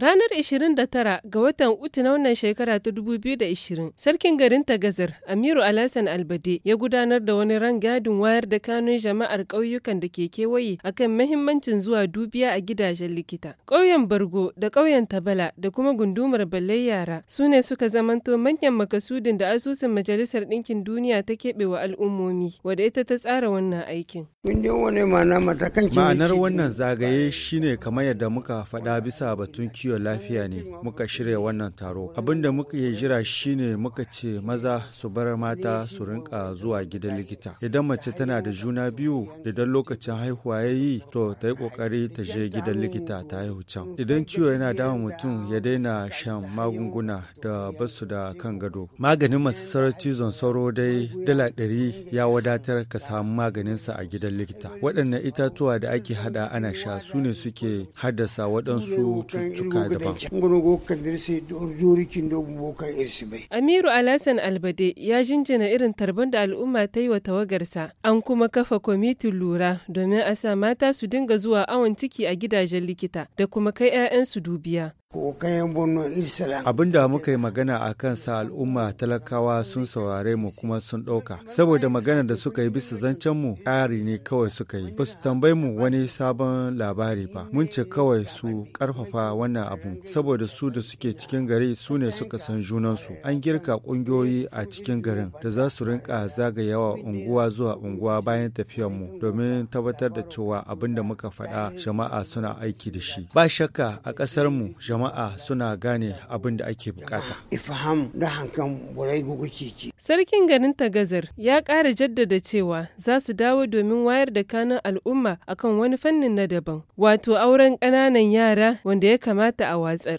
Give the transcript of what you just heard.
Ranar 29 ga watan Uti na wannan shekara ta 2020, Sarkin garin Tagazar, Amiru Alhassan Albade, ya gudanar da wani ran gadin wayar da kanun jama'ar ƙauyukan da ke kewaye a kan mahimmancin zuwa dubiya a gidajen likita. Ƙauyen Bargo da ƙauyen Tabala da kuma gundumar Ballai Yara su ne suka zamanto manyan makasudin da asusun Majalisar Ɗinkin Duniya ta keɓe wa al'ummomi, wadda ita ta tsara wannan aikin. Ma'anar wannan zagaye shine kamar yadda muka faɗa bisa batun kiwo kiwon lafiya ne muka shirya wannan taro. Abin da muka yi jira shine muka ce maza su bar mata su rinka zuwa gidan likita. Idan mace tana da juna biyu idan lokacin haihuwa ya yi to ta yi kokari ta je gidan likita ta haihu can. Idan ciwo yana dama mutum ya daina shan magunguna da basu da kan gado. Maganin masu sarar cizon sauro dai dala ɗari ya wadatar ka samu maganinsa a gidan likita. Waɗannan itatuwa da ake hada ana sha su ne suke haddasa waɗansu cututtuka Amiru Alhassan Albade ya jinjina irin tarban da al'umma ta yi wa tawagarsa an kuma kafa kwamitin lura domin a sa mata su dinga zuwa awon ciki a gidajen likita da kuma kai 'ya'yansu dubiya Abin da muka yi magana a kansa al'umma talakawa sun saurare mu kuma sun ɗauka. Saboda magana da suka yi bisa zancen mu ƙari ne kawai suka yi. Ba su tambayi mu wani sabon labari ba. Mun ce kawai su ƙarfafa wannan abu. Saboda su da suke cikin gari su ne suka san junansu. An girka ƙungiyoyi a cikin garin da za su rinka zagayawa unguwa zuwa unguwa bayan tafiyar mu domin tabbatar da cewa abin da muka faɗa jama'a suna aiki da shi. Ba shakka a ƙasar mu jama'a jama'a suna gane abin da ake bukata. Sarkin garin Tagazar ya ƙara jaddada cewa za su dawo domin wayar da kanun al'umma akan wani fannin na daban, wato auren ƙananan yara wanda ya kamata a watsar.